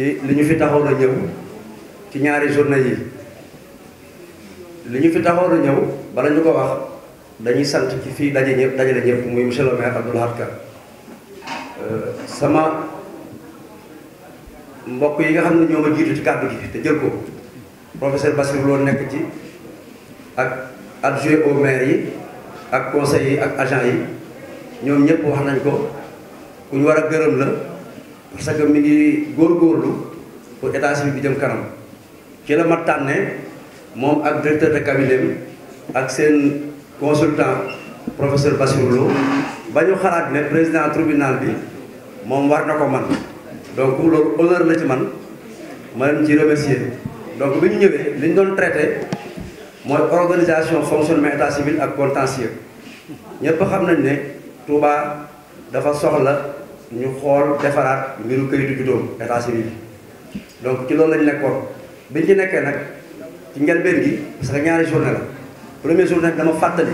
ci li ñu fi taxaw a ñëw ci ñaari journée yi li ñu fi taxaw a ñëw bala ñu ko wax dañuy sant ci fii daje ñëpp dajale ñëpp muy monsieur le maire Abdou Lahad Ka euh, sama mbokk yi nga xam ne ñoo ma jiitu ci kàddu gi te jël ko professeur Bassirou Lo nekk ci ak adjoint au maire yi ak conseil yi ak agent yi ñoom ñëpp wax nañ ko ku war a gërëm la parce que mi ngi góor góorlu pour état civil bi jëm kanam ci la ma tànnee moom ak directeur de cabinet ak seen consultant professeur Bassirou Lo ba ñu xalaat ne président tribunal bi moom war na ko man donc loolu la ci man ma leen ci remercier donc bi ñu ñëwee li ñu doon traité mooy organisation fonctionnement état civil ak contentieux ñëpp xam nañ ne Touba dafa soxla. ñu xool defaraat mbiru kayitu juddoom état civil donc ci loolu lañ nekkoon biñ ci nekkee nag ci njëlbeen gi parce ñaari journée la premier journée dama fàttali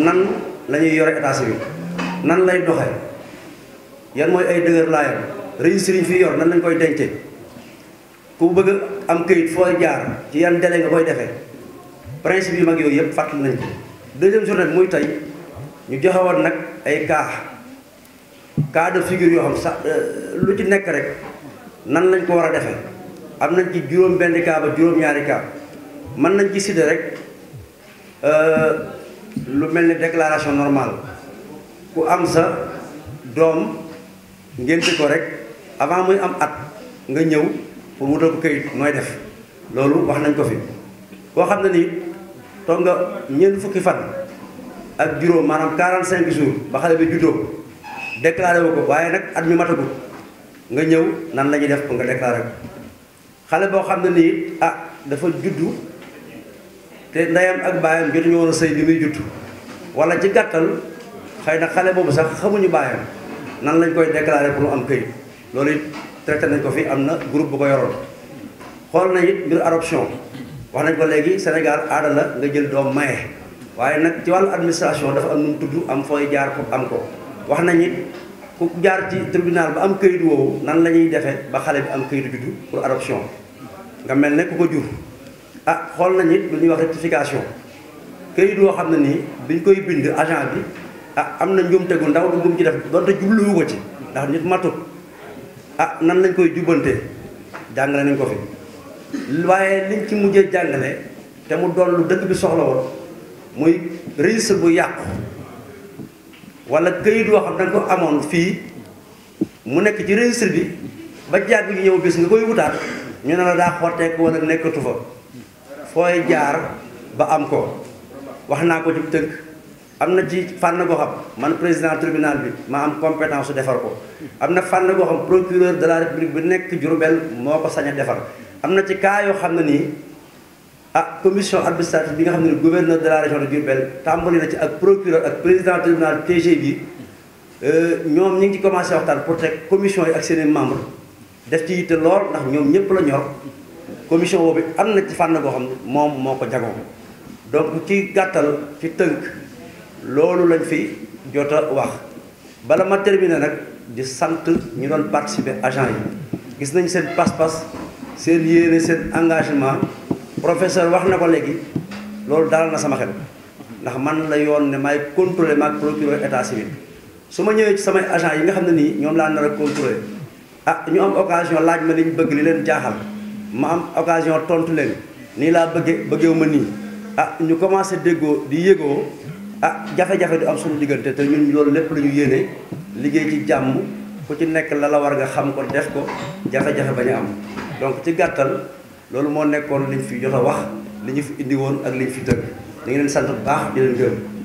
nan la ñuy yore état civil nan lay doxee yan mooy ay dëgër laayam registre yi ñu fi yor nan lañ koy dencee ku bëgg am kayit foo jaar ci yan délai nga koy defee principe yi mag yooyu yëpp fàttal nañ ko deuxième journée bi muy tey ñu joxe nag ay cas. cas de figure yoo xam sax euh, lu ci nekk rek nan lañ ko war a defee am nañ ci juróom benn cas ba juróom-ñaari cas mën nañ ci citer rek euh, lu mel ni déclaration normale ku am sa doom ngénte ko rek avant muy am at nga ñëw pour wutal ko këyit nooy def loolu wax nañ ko fi koo xam ne nii toog nga ñeent fukki fan ak juróom maanaam 45 jours ba xale bi juddoo déclaré wu ko waaye nag at mi matagul nga ñëw nan la def pour nga déclaré ko xale boo xam ne nii ah dafa juddu te ndeyam ak baayam jotuñu woon a sëy bi muy juddu wala ci gàttal xëy na xale boobu sax xamuñu baayam nan lañ koy déclaré pour mu am këyit loolu it traité nañ ko fi am na groupe bu ko yoroon xool na it mbir adoption wax nañ ko léegi Sénégal aada la nga jël doom maye waaye nag ci wàllu administration dafa am nu mu tudd am fooy jaar pour am ko. wax na ñi ku jaar ci tribunal ba am këyit woowu nan la ñuy defee ba xale bi am këyitu juddu pour adoption nga mel ne ku ko jur a ah xool nañ it lu ñuy wax rectification këyit woo xam ne nii biñ koy bind agent bi ah am na njuumte gu ndaw lu mu ci def donte jubluwu ko ci ndax nit matut ah nan lañ koy jubbante jàngale nañ ko fi waaye liñ ci mujjee jàngale te mu doon lu dëkk bi soxla woon muy registre bu yàqu wala këyit woo xam dañ ko amoon fii mu nekk ci registre bi ba jaar bi yow bis nga koy wutaat ñu ne la daa xotteeku wala nekkatu fa fooy jaar ba am ko wax naa ko ci tënk am na ci fànn goo xam man président tribunal bi ma am compétence su defar ko am na fànn goo xam procureur de la république bi nekk Jurbel moo ko sañ a defar am na ci cas yoo xam ne nii ah commission administrative bi nga xam ne gouverneur de la région de Diourbel tàmbali na ci ak procureur ak président tribunal TG bi euh, ñoom ñu ngi ci commencé waxtaan pour teg commission yi ak seen i membres def ci yitte lool ndax ñoom ñëpp la ñor commission bi am na ci fànn goo xam ne moom moo ko jagoo donc ci gàttal ci tënk loolu lañ fi jot a wax bala ma terminer nag di sant ñu doon participer agent yi gis nañ seen pas-pas seen yéene seen engagement professeur wax na ko léegi loolu daal na sama xel ndax man la yoon ne maay contrôler maag procureur état civil su ma ñëwee ci samay agent yi nga xam ne nii ñoom laa nar a contrôler ah ñu am occasion laaj ma liñ bëgg li leen jaaxal ma am occasion tontu leen nii laa bëgge bëggeewu ma nii ah ñu commencé déggoo di yégoo ah jafe-jafe du am suñu diggante te ñun loolu lépp la ñu liggéey ci jàmm ku ci nekk la la war nga xam ko def ko jafe-jafe ba ñu am ci gàttal loolu moo nekkoon liñ fi jot a wax li ñu fi indi ak liñ fi tëgg da ngi sant bu baax di leen